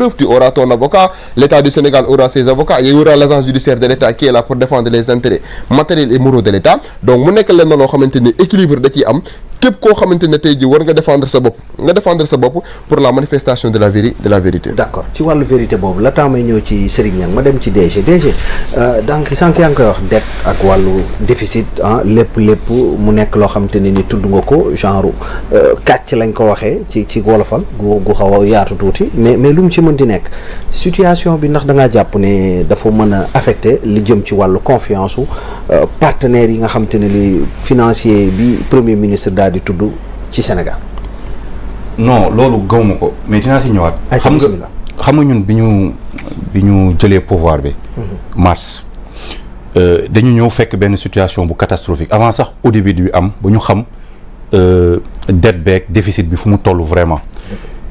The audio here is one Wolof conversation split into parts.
preuves, da ciy am képp koo xamante ne tey jii war nga défendre sa bopp nga défendre sa bopp pour la manifestation de la vérité de la vérité. d'accord ci wàllu vérité boobu la temps may ñëw ci Serigne ma dem ci DG DG euh, donc sànq yaa ngi koy wax dette ak wàllu déficit ah lépp mu nekk loo xam ne ni tudd nga ko genre euh, kàcc lañ ko waxee ci ci wolofal gu gu xaw yaatu tuuti mais lu mu ci mënti nekk situation bi ndax da jàpp ne dafa mën a affecté li jëm ci wàllu confiance su euh, partenaires yi nga xam te ne li financier bi premier ministre daal di tudd ci Sénégal. non loolu gawma ko mais dinaa si ñëwaat. xam nga xam nga ñun bi ñu bi ñu jëlee pouvoir bi. Mhm. mars euh, dañu ñëw fekk benn situation bu catastrophique avant sax audit bi am ba ñu xam euh, dette beeg déficit bi fu mu toll vraiment.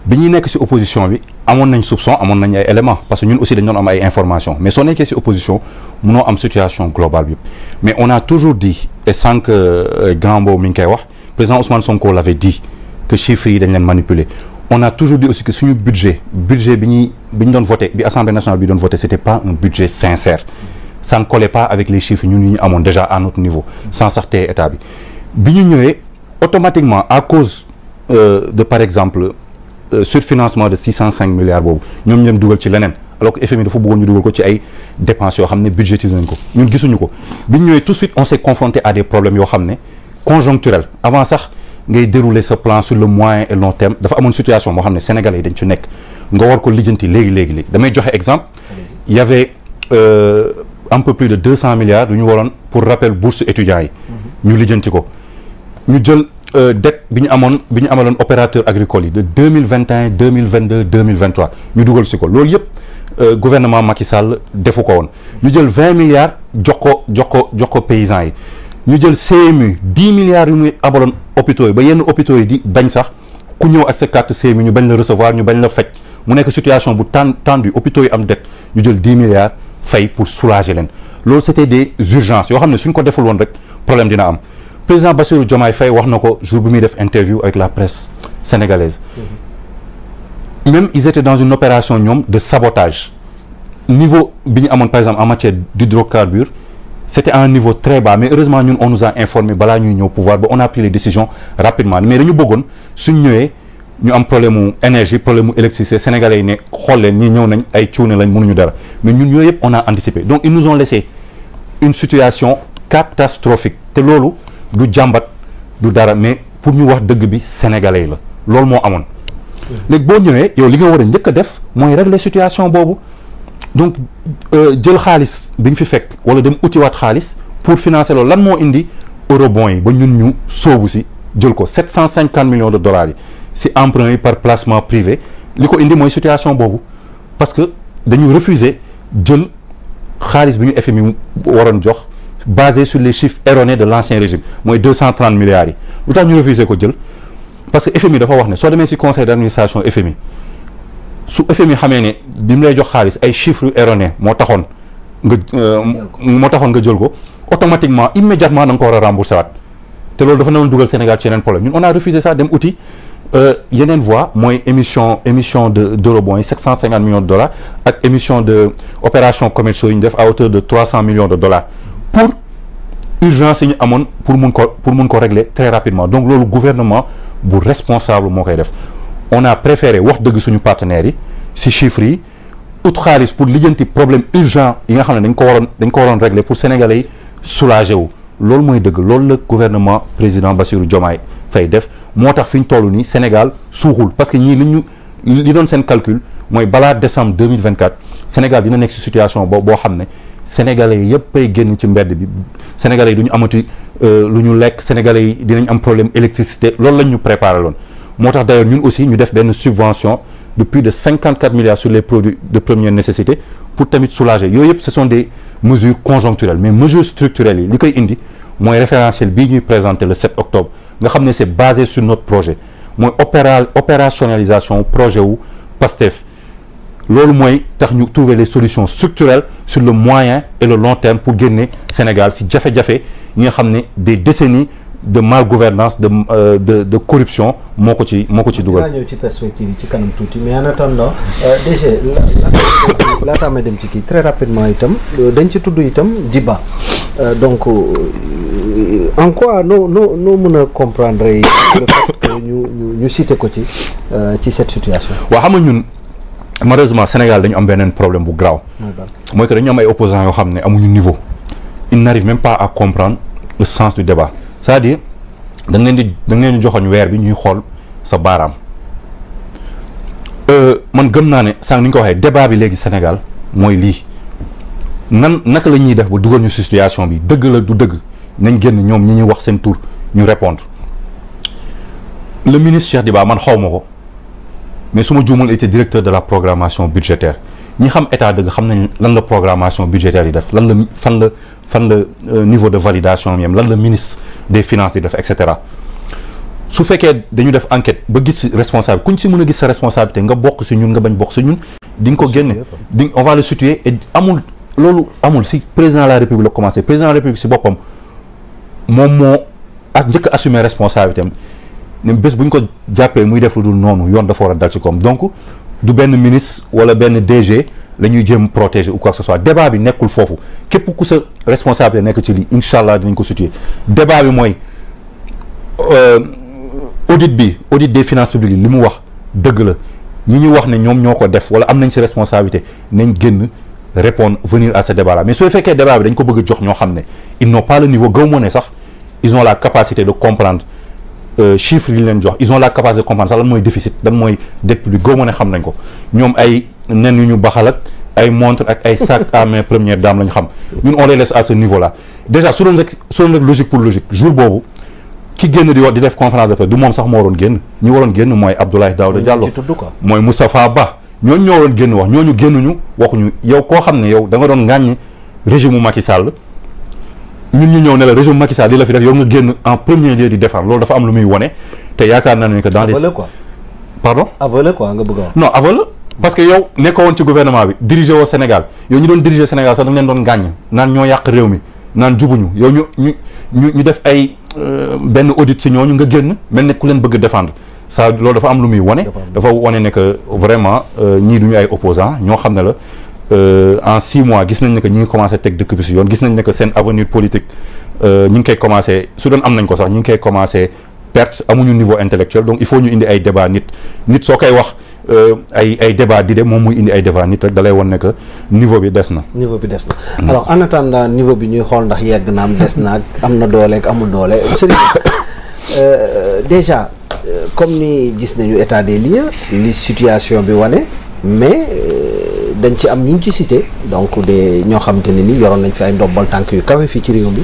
bi ñu nekk ci opposition bi amoon nañ soupçon amoon nañ ay éléments parce que ñun aussi dañ doon am ay informations mais soo nekkee ci opposition munoo am situation globale bi mais on a toujours dit et sans que euh, grand boobu mi ngi koy wax président Ousmane Sonko l'avait dit que chiffres dañ leen manipuler on a toujours dit aussi que suñu budget budget bi ñuy bi ñu doon voté bi assemblée nationale bi doon voté c'était pas un budget sincère ça ne collait avec les chiffres ñun ñu amoon déjà à notre sax tey état bi ñu ñëwee automatiquement à cause euh, de par exemple Euh, surfinancement de 605 milliards boobu ñoom ñoom dugal ci leneen alors que FMI dafa bëggoon ñu dugal ko ci ay dépenses yoo xam ne budgétisé nañ ko ñun gisuñu ko bi ñu ñëwee tout suite on s'est confronté à des problèmes yoo xam ne conjoncturels avant sax ngay dérouler ce plan sur le moyen et long terme dafa amoon situation moo xam ne sénégalais yi dañ ci nekk nga war ko lijjanti léegi léegi léegi damay joxe exemple il y avait euh, un peu plus de 200 milliards yu ñu waroon pour rappel bourse étudiants yi mm-hmm. ñu lijjanti ko Euh, dette bi ñu amoon bi ñu amaloon opérateur agricole yi de deux mille vingt un deux mille vingt deux deux mille vingt trois ñu dugal si ko loolu yëpp euh, gouvernement Macky Sall defu ko woon ñu jël vingt milliards jox ko jox ko jox ko paysans yi ñu jël CMU dix milliards yu muy abaloon hôpitaux yi ba yenn hôpitaux yi di bañ sax ku ñëw ak sa carte CMU ñu bañ la recevoir ñu bañ la faj mu nekk situation bu tan tendu hôpitaux yi am dette ñu jël dix milliards fay pour soulager leen loolu c'était des urgences yoo xam ne suñ ko deful woon rek problème dina am. président Bassirou Diomaye Faye wax na ko jour bi muy def interview avec la presse sénégalaise mm-hmm. même ils étaient dans une opération ñoom de sabotage niveau bi ñu amoon par exemple en matière d'hydrocarbures c'était à un niveau très bas mais heureusement ñun on nous a informé balaa ñuy ñëw pouvoir ba on a pris les décisions rapidement mais dañu bëggoon suñ ñëwee ñu am problème mu énergie problème mu électricité sénégalais yi ne xool leen ñi ñëw nañ ay cuune lañ mënuñu dara mais ñun yooyu yëpp on a anticipé donc ils nous ont laissé une situation du jàmbat du dara mais pour ñu wax dëgg bi sénégalais la loolu moo amoon. léegi boo ñëwee yow li nga war a njëkk a def mooy régler situation boobu donc euh, jël xaalis bi nga fi fekk wala dem utiwaat xaalis pour financé loolu lan moo indi eurobond yi ba ñun ñu soobu si jël ko 750 millions de dollars yi si emprunt yi par placement privé li ko indi mooy situation boobu parce que dañu refuser jël xaalis bi ñu FMI waroon jox. basé su les chiffres erronés de l'ancien régime mooy deux cent trente milliards yi lu tax ñu refusé ko jël parce que FMI dafa wax ne soo demee ci conseil d'administration FMI su FMI xamee ni bi mu lay jox xaalis ay chiffres erronés moo taxoon nga euh, moo taxoon nga jël ko automatiquement immédiatement da nga ko war a remboursé waat te loolu dafa newoon dugal Sénégal ci yeneen problème ñun on a refusé ça dem outil euh, yeneen voie mooy émission émission de d'eurobonds yi 750 millions de dollars ak émission yi ñu def à hauteur de 300 pour urgence si ñu amoon pour mun ko pour mun ko régler très rapidement donc loolu gouvernement bu responsable moo koy def on a préféré wax dëgg suñu partenaires yi si chiffres yi ut xaalis pour lijjanti problème urgent yi nga xam ne dañ ko waroon dañ ko waroon régler pour sénégalais yi wu loolu mooy dëgg loolu la gouvernement président Bassirou Diomaye fay def moo tax fi ñu toll nii Sénégal suuxul parce que ñii li ñu li doon seen calcul mooy balaa décembre 2024 Sénégal dina nekk si situation boo boo xam ne sénégalais yi yëppay génn ci mbedd bi sénégalais yi du ñu amati euh, lu ñu lekk sénégalais yi dinañ am problème électricité loolu lañ ñu préparé loon moo tax d'ailleurs ñun aussi ñu def benn subvention de plus de cinquante quatre milliards sur les produits de première nécessité pour tamit soulager yooyu yëpp ce sont des mesures conjoncturelles mais mesures structurelles yi li koy indi mooy référentiel bii ñuy présenté le 7 octobre nga xam ne c'est basé sur notre projet mooy opéra projet wu PASTEF loolu mooy tax ñu trouver les solutions structurelles sur le moyen et le long terme pour génne Sénégal si jafe-jafe ñi nga xam ne des décennies de mal gouvernance de euh, de de corruption moo ko ci moo ko ci dugal. ñëw ci perspective yi ci kanam tuuti mais en attendant euh, DG laataa dem ci kii très rapidement itam euh, dañ ci tudd itam di ba euh, donc en quoi noo noo mën a comprendre le fait que ñu ñu ko ci ci cette situation. waaw xam nga ñun. malheureusement Sénégal dañu am beneen problème bu grave mooy que dañu am ay opposants yoo xam ne amuñu niveau ils n'arrivent même pas à comprendre le sens du débat c'est-à-dire da nga leen di da nga leen di joxoñ weer bi ñuy xool sa baaraam euh, man gëm naa ne sànq ni ñu ko waxee débat bi léegi Sénégal mooy lii nan naka la ñuy def ba dugal ñu situation bi dëgg la du dëgg nañ génn ñoom ñu ñuy wax seen tour ñu répondre le ministre Cheikh Diba man xaw ma ko mais su ma juumul était directeur de la programmation budgétaire ñi xam état dëgg xam nañ lan la programmation budgétaire yi def lan la fan la fan la euh, niveau de validation am yam lan la ministre des finance yi def et cetera su fekkee dañu def enquête ba gis responsable kuñ si mën a gis sa responsabilité nga bokk si ñun nga bañ bokk si ñun di nga ko génne di on va le situer et amul loolu amul si président la république la commencé président de la république si boppam moom moo ak njëkk assumer responsabilité ne bés bu ñu ko jàppee muy def lu dul noonu yoon dafa war a dal ci koom donc du benn ministre wala benn DG la ñuy jéem protéger ou quoi que ce soit bi nekkul foofu képp ku sa responsabilité nekk ci lii incha allah dinañ ko situer débat bi mooy euh, audit bi audit des finances publiques li mu wax dëgg la ñi ñuy wax ni ñoom ñoo ko def wala am nañ si responsabilité nañ génn répondre venir à ce débat là mais soo fekkee débat bi dañ ko bëgg a jox ñoo xam ne ils n'ont pas le niveau gëw sax ils la capacité de comprendre Euh, chiffres yi ñu leen jox ils ont la capacité de comprendre sax mooy déficit lan mooy depuis bi goo mën a xam nañ ko ñoom ay nen yu ñu baxal ak ay montre ak ay sac à main première dame la xam ñun on les laisse à ce niveau là déjà su doon rek su doon rek logique pour logique jour boobu ki génn di wax di def conférence de presse du moom sax moo waroon génn ñi waroon génn mooy Abdoulaye Daouda Diallo mooy Moustapha Ba ñooñu ñoo waroon génn wax ñooñu génnuñu koo xam ne da nga doon ngàññ régime Macky ñun ñu ñëw ne la régime Macky Sall li la fi def yow nga génn en premier lieu di loolu dafa am lu muy wone te yaakaar naa ne que dans les quoi pardon avale quoi nga bëgg parce que yow nekkoon ci gouvernement bi dirigé woo Sénégal yow ñu doon dirigé Sénégal sax da nga leen doon gàññ naan ñoo yàq réew mi naan jubuñu yow ñu ñu ñu ñu def ay euh, benn audit ci ñooñu nga génn mel ne ku leen bëgg défendre ça loolu dafa am lu muy wone dafa wone ne que vraiment euh, ñii du ñu ay opposant ñoo xam ne la Euh, en six mois gis nañ ne que ñu ngi commencé teg dëkk bi si yoon gis nañ ne que seen avenir politique euh, ñu ngi koy commencé su doon am nañ ko sax ñu ngi koy commencé perte amuñu niveau intellectuel donc il faut ñu indi ay débat nit nit soo koy wax euh, ay ay débat di de moom muy indi ay débat nit rek dalay woon ne que niveau bi des na niveau bi des na hmm. alors en attendant niveau bi ñuy xool ndax yegg na am des naag am na dooleeg amul doole sëriñ déjà comme ni gis nañu état des lieux li situation bi wane mais dañ ci am ñu ñu ci cité donc de ñoo xamante ne nii yoroon nañ fi ay ndombal tànk yu kawe fii ci réew bi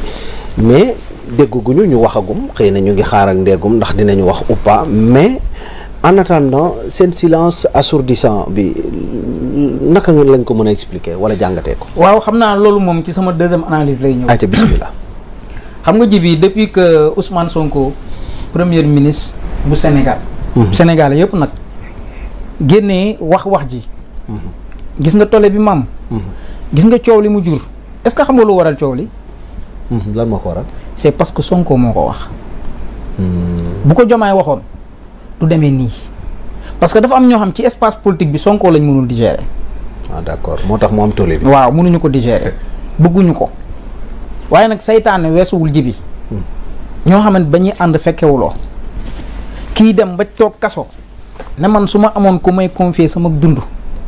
mais dégguñu ñu waxagum xëy na ñu ngi xaar ak ndéegum ndax dinañu wax ou pas mais en attendant seen silence assourdissant bi naka nga lañ ko mën a expliquer wala jàngatee ko. waaw xam naa loolu moom ci sama deuxième analyse lay ñëw. ayca bismillah. xam nga ji bi depuis que Ousmane Sonko premier ministre bu Sénégal. Mhm. Sénégal yëpp nag génnee wax wax ji. Mhm. gis nga tole bi maam. Mhm. gis nga coow li mu jur est-ce que xam nga lu waral coow li. Mhm, lan moo ko waral. c'est parce que Sonko moo ko wax. Mhm. bu ko jomaay waxoon du demee nii parce que dafa am ñoo xam ci espace politique bi Sonko lañ mënul digérer. ah moo tax mu am tollé bi. waaw mënuñu ko digérer bëgguñu ko waaye nag seytaane weesuwul ji bi hmm. ñoo xamante ba ñuy ànd fekkewuloo kiy dem ba toog kaso ne man su ma amoon ku may confier sama dund.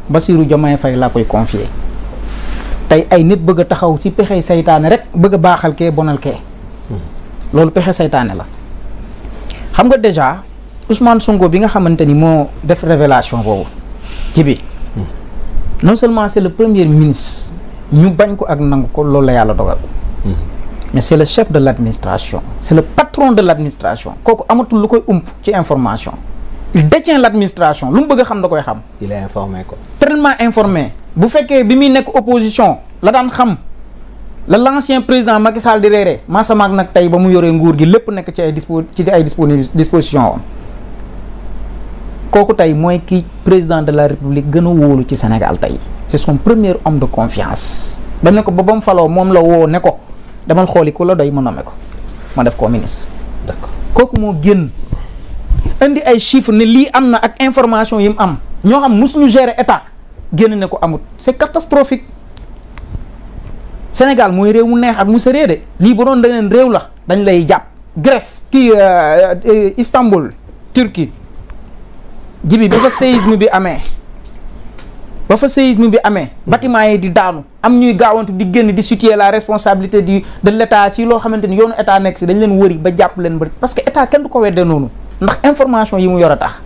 Bassirou Diomaye Faye laa koy confier tey ay nit bëgg a taxaw ci pexe saytaane rek bëgg a baaxal kee bonal kee loolu pexe saytaane la xam nga déjà Ousmane Sonko bi nga xamante ni moo def révélation boobu ci bi non seulement c'est le premier ministre ñu bañ ko ak nangu ko loolu la yàlla dogal mais c'est le chef de l'administration c'est le patron de l'administration kooku amatul lu koy ump ci information il détient l'administration lu mu bëgg a xam da koy xam. il est informé quoi. tellement bu fekkee bi muy nekk opposition la daan xam la l'ancien président Macky Sall di reeree maasamaak nag tey ba mu yoree nguur gi lépp nekk ci ay ci ay disposition woon kooku tey mooy ki président de la république gën a wóolu ci Sénégal tey c'est son premier homme de confiance dañ ne ko ba ba mu faloo moom la woo ne ko demal xooli ku la doy ma nommé ko ma def koo ministre. kooku moo génn. indi ay chiffres ne lii am na ak information yi mu am ñoo xam musuñu gere état génn ne ko amut c'est catastrophique Sénégal mooy réew mu neex ak mu sëree de lii ba doon leneen réew la dañ lay jàpp Grèce kii euh, euh, Istanbul Turquie jibi ba fa séisme bi amee ba fa séisme bi amee bâtiment yi di daanu am ñuy gaawante di génn di situer la responsabilité du de l'état ci loo xamante ni yoonu état nekk si dañ leen wëri ba jàpp leen ba parce que état kenn du ko weddee noonu ndax information yi mu yor a tax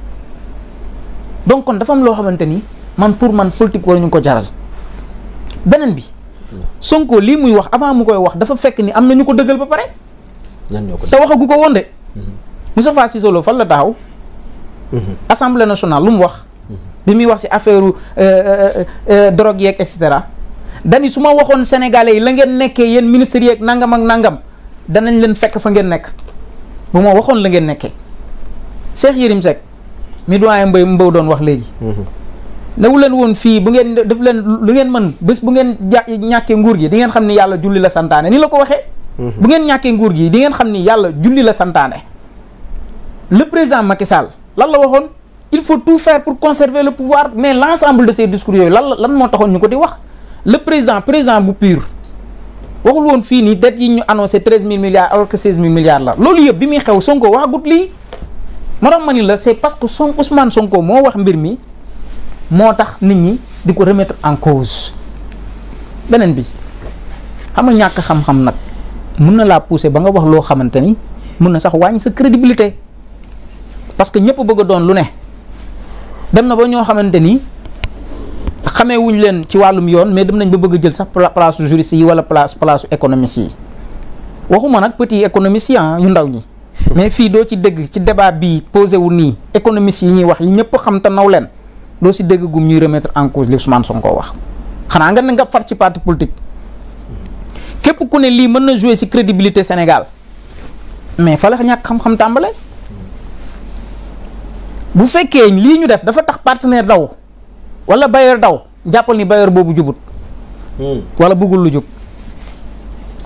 donc kon dafa am loo xamante ni man pour man politique waruñu ko jaral beneen bi Sonko lii muy wax avant mu koy wax dafa fekk ni am na ñu ko dëggal ba pare. ñan ñoo ko te waxagu ko woon de. Mhm. Moustapha Cissé Lo fan la taxaw. Mhm. assemblée nationale lu mu wax. Mhm. bi muy wax ci affaire euh, euh, euh, drogue yeeg et cetera. dani su ma waxoon sénégalais yi la ngeen nekkee yéen ministres yeeg nangam ak nangam danañ leen fekk fa ngeen nekk bu ma waxoon la ngeen nekkee. Cheikh Yérim Seck mi doyen mbay mbaw doon wax léegi mhm. newu leen woon fii bu ngeen def leen lu ngeen mën bés bu ngeen ja ñàkkee nguur gi di ngeen xam ni yàlla julli la santaane ni la ko waxee mhm. bu ngeen ñàkkee gi di ngeen xam ni yàlla julli la santaane le président Macky Sall lan la waxoon il faut tout faire pour conserver le pouvoir mais l'ensemble de ces discours yooyu lan lan moo taxoon ñu ko di wax le président président bu pur waxul woon fii nii dette yi ñu annoncé treize mille milliards la loolu yëpp bi muy xew Sonko waxagut lii moo ma ni la c'est parce que son Ousmane Sonko moo wax mbir mi moo tax nit ñi di ko remettre en cause beneen bi am nga ñàkk xam-xam nag mun na laa pousser ba nga wax loo xamante ni mun na sax wàññi sa crédibilité parce que ñëpp bëgg a doon lu ne dem na ba ñoo xamante ni xamee wuñ leen ci wàllum yoon mais dem nañ ba bëgg a jël sax place juriste yi wala place place économiste yi waxuma nag petit économiste yi ah, yu ndaw ñi. mais fii doo ci dégg ci débat bi posé wu nii économistes yi ñuy wax yi ñëpp xam te naw leen doo si dégg gum ñuy remettre en cause li Ousmane Sonko wax xanaa nga ne nga far ci parti politique képp ku ne lii mën na jouer si crédibilité Sénégal mais fa ñàkk xam-xam tàmbale bu fekkee lii ñu def dafa tax partenaire daw wala bailleur daw jàppal ni bailleur boobu jubut hmm. wala bëggul lu jub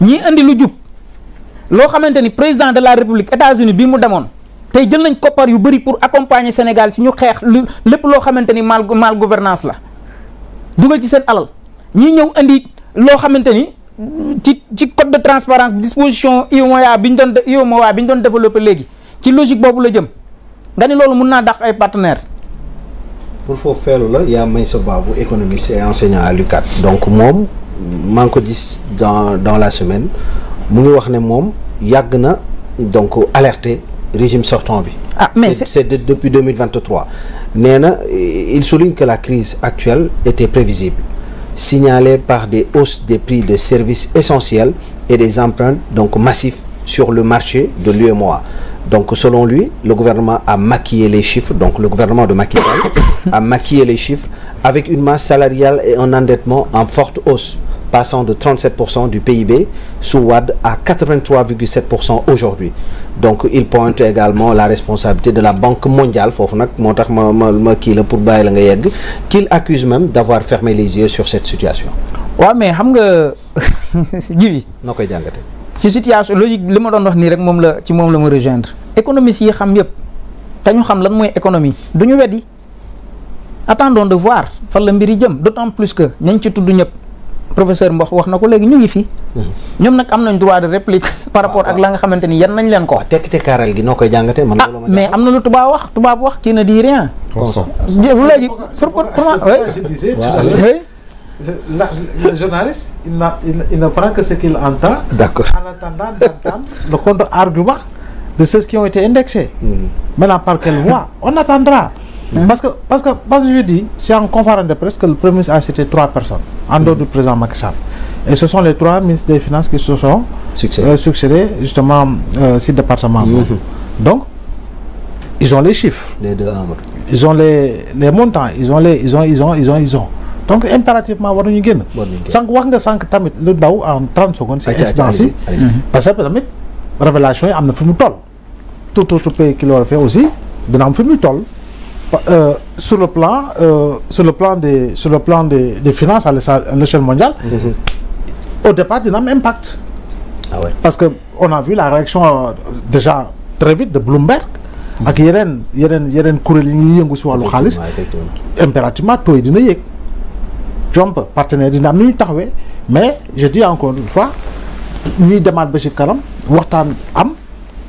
ñii indi lu jub loo xamante ni président de la république États-Unis bi mu demoon tey jël nañ koppar yu bari pour accompagner Sénégal si ñu xeex lu lépp loo xamante ni mal mal gouvernance la dugal ci seen alal ñi ñëw indi loo xamante ni ci ci code de transparence disposition UEMOA bi ñu doon UEMOA bi ñu doon développé léegi ci logique boobu la jëm nga ni loolu mun naa dàq ay partenaires. pour foofu feelu la yaa may sa baabu économiste et enseignant à l'UCAD donc moom maa ngi ko gis dans dans la semaine. mu ngi wax ne moom yàgg na donc alerté régime sortant bi. ah mais c'est, c'est de, depuis 2023 nee na il souligne que la crise actuelle était prévisible signalée par des hausses des prix de services essentiels et des emprunts donc massifs sur le marché de l'UEMOA donc selon lui le gouvernement a maquillé les chiffres donc le gouvernement de Macky Sall a maquillé les chiffres avec une masse salariale et un endettement en forte hausse passant de 37% du PIB sous Wade à 83,7% aujourd'hui donc il pointe également la responsabilité de la Banque mondiale foofu nag moo tax ma ma kii la pour bàyyi la nga yegg qu'il accuse même d'avoir fermé les yeux sur cette situation waaw mais xam nga ji noo koy jàngate si situation logique li ma doon wax nii rek moom la ci moom la ma rejoindre économie yi xam yëpp te ñu xam lan mooy économie duñu yi attendon de voir fan la mbir yi jëm d'autant plus que ñañ ci tudd ñëpp professeur Mbox wax na ko léegi ñu ngi fi. Hmm. ñoom nag am nañ droit de réplique. par rapport ak la nga xamante ni yan nañ leen ko. waaw tekki kaaral gi noo koy jàngatee man. Ah, loolu mais am na lu tubaab wax tubaab wax kii ne di rien. léegi pour pour la le journaliste il n'a il ne prend que ce qu'il entend. d'accord en attendant d'entendre le contre-argument de ceux qui ont été indexés. Hmm. maintenant par quelle voie on attendra. parce que parce que parce que je dis c'est en conférence de presse que le premier ministre a cité trois personnes en dehors mmh. du président Macky Sall et ce sont les trois ministres des finances qui se sont succédé, euh, justement euh, ci département mm -hmm. donc ils ont les chiffres les deux ils ont les les montants ils ont donc impérativement war nañu génn sànq wax nga sànq tamit le daw en 30 secondes si incidence yi parce que tamit révélation yi am na fi mu toll tout autre pays qui l'aurait fait aussi dina am fi mu toll Euh, sur le plan euh, sur le plan de sur le plan des des finances à l'échelle mondiale. Mmh. au départ dina impact. Ah parce que on a vu la réaction euh, déjà très vite de Bloomberg. ak yeneen yeneen yeneen kuréel yi ñuy yëngu si wàllu xaalis. impérativement taux yi dina yéeg. Trump partenaire dina am nu taxawee mais je dis encore une fois ñuy demaat ba ci kanam waxtaan am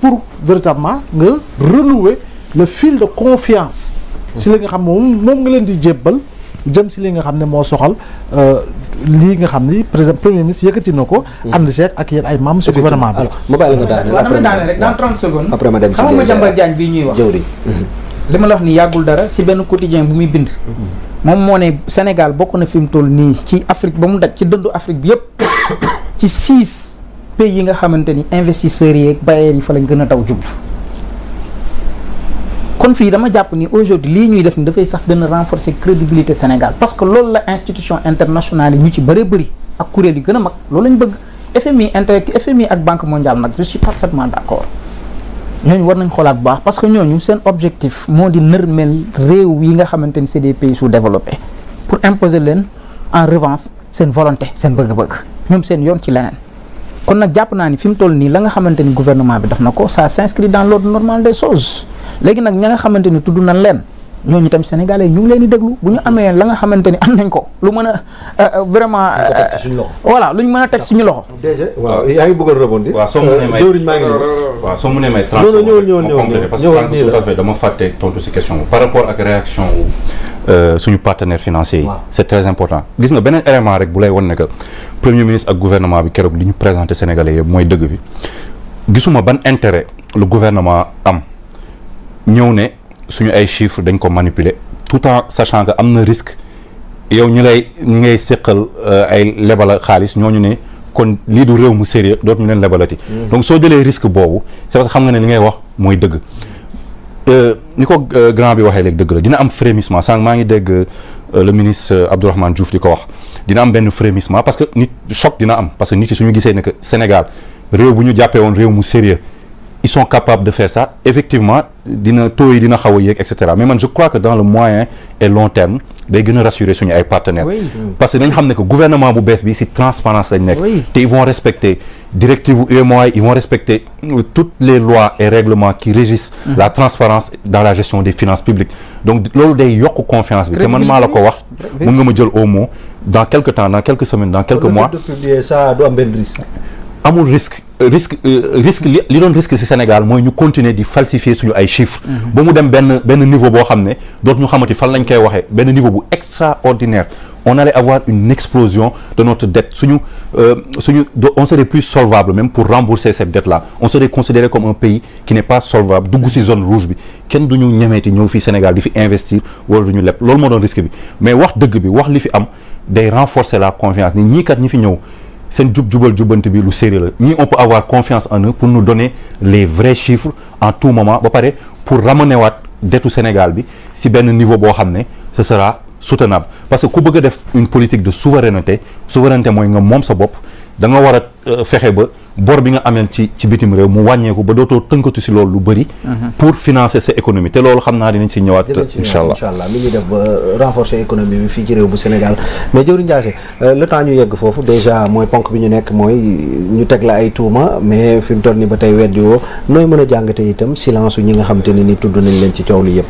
pour véritablement nga renouer le fil de confiance. si li nga xam moom moom nga leen di jébbal jëm si li nga xam ne moo soxal euh, lii nga xam ni président premier ministre yëkkati na ko. Mm. ànd seeg ak yéen ay membres su gouvernement bi. alors ma bàyyi la nga daaneel après ma rek dans 30 secondes. après ma dem ci xam nga Madiambal ñuy wax jëwriñ. Mm-hmm. li ma la wax ni yàggul dara si benn quotidien bu muy bind. Mm-hmm. moom moo ne Sénégal bokk na fi mu toll nii ci Afrique ba mu daj ci dëndu Afrique bi yëpp ci six pays yi nga xamante ni investisseurs yi ak yi fa lañ gën a daw jubl kon fii dama jàpp ni aujourd'hui lii ñuy def ni dafay sax gën a renforcer crédibilité Sénégal parce que loolu la institution internationale yi ñu ci bëree bëri ak kuréel gën a mag loolu lañ bëgg FMI inter FMI ak Banque mondiale nag je suis parfaitement d'accord ñooñu war nañ xoolaat bu baax parce que ñooñu seen objectif moo di nërmel réew yi nga xamante ni c'est des pour imposer leen en revanche seen volonté seen bëgg-bëgg ñoom seen yoon ci leneen kon nag jàpp nii la nga xamante ni gouvernement bi daf na ko léegi nag ña nga xamante ni tudd nañ leen ñooñu tam sénégalais ñu ngi leen di déglu bu ñu amee la nga xamante ni am nañ ko lu mën a euh, euh, vraiment. Euh, voilà lu ñu mën a teg suñu loxo. DG waaw yaa ngi bëgg a rebondir. waaw soo mënee may jëwriñ maa ngi parce que sànq tout à fait dama fàtte tontu si question par rapport ak suñu partenaire financier yi. c'est très important gis nga beneen élément rek bu lay wan ne que premier ministre ak gouvernement bi keroog li ñu présenté sénégalais yëpp mooy dëgg bi gisuma ban intérêt lu gouvernement am ñëw ne suñu ay chiffres dañ ko manipuler tout en sachant que am na risque yow ñu lay ñi ngay séqal euh, ay lebal xaalis ñu ne kon lii du réew mu sérieux dootuñu leen lebalati. Mm. donc soo jëlee risque boobu c'est parce que xam nga ne li ngay wax mooy dëgg. Euh, ni ko euh, grand bi waxee léegi dëgg la dina am frémissement sànq maa ngi dégg le ministre Abdourahmane Diouf di ko wax dina am benn frémissement parce que nit choc dina am parce que nit yi ñu gisee ne que Sénégal réew bu ñu jàppee woon réew mu sérieux ils sont capables de faire ça effectivement dina taux yi dina a yéeg et cetera mais man je crois que dans le moyen et long terme day gën a rassurer suñu ay parce que dañ xam ne que gouvernement bu bees bi transparence lañ nekk te ils vont respecter directive u UEMOA ils vont respecter euh, toutes les lois et règlements qui régissent mm. la transparence dans la gestion des finances publiques donc loolu day yokk confiance bi te man maa la ko wax mën nga au mot dans quelque temps dans quelques semaines amul risque euh, risque euh, risque li doon risque ci Sénégal mooy ñu continuer di falsifier suñu ay chiffres. Mhm. ba mu dem benn benn niveau boo xam ne doot ñu xamati fan lañ koy waxee benn niveau bu extraordinaire on allait avoir une explosion de notre dette suñu euh, suñu on serait plus solvable même pour rembourser cette dette là on serait considéré comme un pays qui n'est pas solvable dugg si zone rouge bi kenn du ñu ñemeeti ñëw fii Sénégal di fi investir wala du ñu leb loolu moo doon risque bi mais wax dëgg bi wax li fi am day renforcer la confiance ni ñii kat ñi fi ñëw. seen jub jubal jubbante bi lu sérieux la ñii on peut avoir confiance en eux pour nous donner les vrais chiffres en tout moment ba pare pour ramener waat dettu Sénégal bi si benn niveau boo xam ne ce sera soutenable parce que ku bëgg a def une politique de souveraineté souveraineté mooy nga moom sa bopp da war a euh, fexe ba bor bi nga ameel ci ci bitim réew mu wàññeeku ba dootoo tënkatu si loolu lu bëri. Mhm. pour financer sa économie te loolu xam naa dinañ si ñëwaat. incha allah incha allah li ñuy def ba euh, renforcer économie bi fii ci réew bu Sénégal mais jëwriñ Ndiaye euh, le temps ñu yegg foofu déjà mooy ponk bi ñu nekk mooy ñu teg la ay tuuma mais fi mu toll nii ba tey weddi woo nooy mën a jàngate itam silence ñi nga xam te ne ni tudd nañ leen ci coow li yëpp.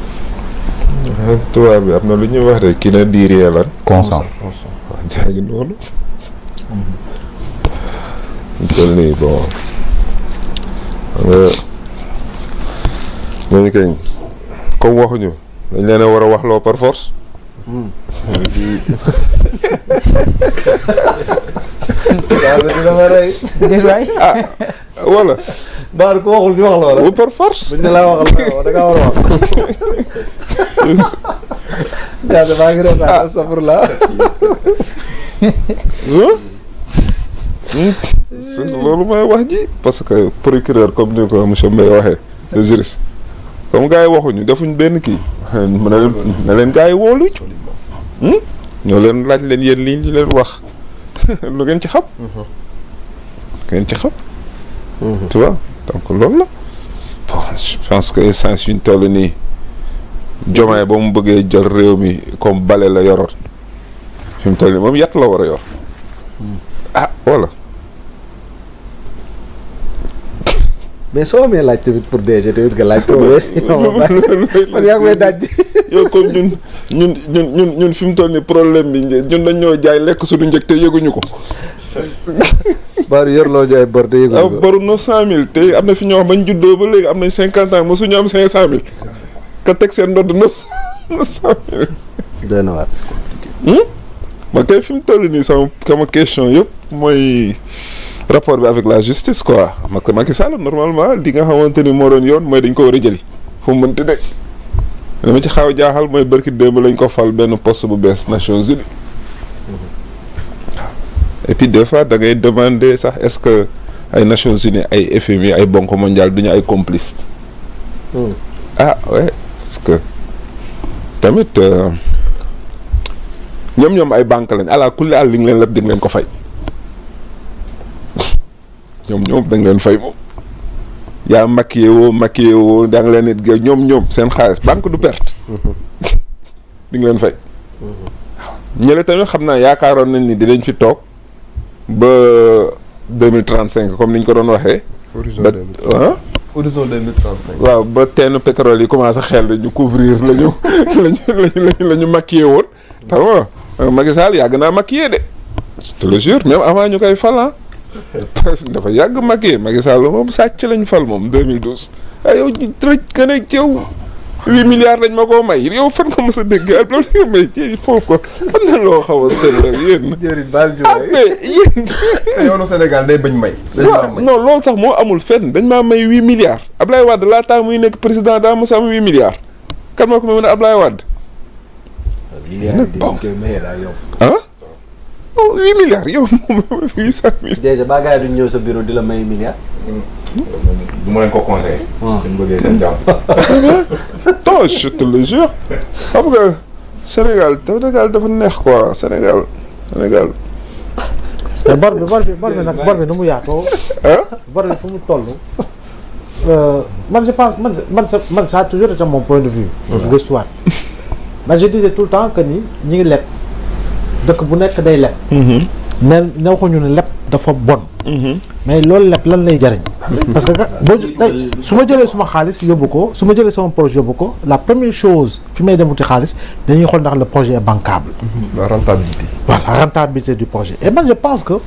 tubaab bi am na lu ñuy wax rek ki na diir yee lan. consent consent waaw ñu toll nii bon xam nga kañ comme waxuñu dañ leen a war a waxloo par force. daal ma rey. waay ah wala. daal ko waxul si wax loola. wu par force. buñ ne laa la da ngaa war wax. jaajëf maa ngi doon la asafurla. loolu mooy wax ji parce que procureur comme ni ko monsieur Mbaye waxee le juriste comme gars yi waxuñu defuñu benn kii mën na leen na leen yi wooluñ hmm? ñoo leen laaj leen yéen lii ñu leen wax lu ngeen ci xam ngeen ci xam hmm. tu donc loolu la bon je pense que sens suñ toll nii jomaay ba mu bëggee jël réew mi comme bale la yoroon fi mu toll nii moom yat la war a yor hmm. wala mais soo amee laaj tamit pour DG tamit nga laaj. man ñun ñun ñun ñun ñun fi mu toll nii problème bi ñun dañ ñoo jaay lekk suñu njëg te yëguñu ko. Baaru yor loo jaay bor te yëguñu ko boru neuf cent mille te am na fi ñoo xam bañ juddoo ba léegi am nañ cinquante ans mosu ñu am cinq cent mille. ka teg seen ndodd neuf cent mille. doy ma kay fi mu toll nii sama sama question yëpp mooy rapport bi avec la justice quoi parce que Macky Sall normalement li nga xamante ni moo doon yoon mooy dañ ko war a jëli fu mu mënti nekk li ma ci xaaw jaaxal mooy bërki démb lañ ko fal benn post bu bees Nations Unies et puis des fois da ngay demander sax est-ce que ay Nations Unies ay FMI ay bonk mondiale duñu ay complices. Hmm. ah ouais parce que tamit. Euh, ñoom ñoom ay banque lañ ala kulli àll li nga leen lépp di nga leen ko fay ñoom ñoom da leen fay moom yaa maquillé woo maquillé woo da leen nit gé ñoom ñoom seen xaalis banque du perte di leen fay ñële tamit xam naa yaakaaroon nañ ni dinañ fi toog ba deux mille trente cinq comme ni ñu ko doon waxee ba ah horizon 2035 waaw ba teenu pétrole yi commencé xel ñu couvrir lañu lañu lañu lañu maquillé woon taw Euh, Macky Sall yàgg naa maquillé de je te le jure même avant ñu koy fal ah. dafa yàgg mag Macky Sall moom sàcc lañ fal moom 2012 ay ah, yow dërëj gën a jëw ma koo may yow fan nga mos a dégg ak loolu nga na loo xaw ah, Sénégal day bañ may. waaw non loolu sax moo amul fenn dañ maa may huit milliards Ablaye Wade laataa muy nekk président daa mos a am huit milliards kan moo ko may mën a Ablaye Wade. nag bon ah. Oh, huit milliards yow moom huit cent mille. déjà ba gars yi duñ ñëw sa bureau di la may milliards. du ma leen ko conseillé. Ah. suñ bëggee seen jàmm. non je te le jure. xam nga Sénégal mu yaatoo. bor bi fu mu euh, man je pense man sa man ça a toujours été mon point de vue. gëstuwaat. mais je disais tout le temps que nii ñi ngi leb dëkk bu nekk day leb. Mhm. ne ne waxuñu ne leb dafa bon. Mhm. mais loolu leb lan lay jariñ. Mhm. parce que boo su ma jëlee suma xaalis yóbbu ko su ma jëlee sama projet yóbbu ko la première chose fi may dem wuti xaalis dañuy xool ndax le projet est bancable. la rentabilité. voilà la rentabilité du projet et man je pense que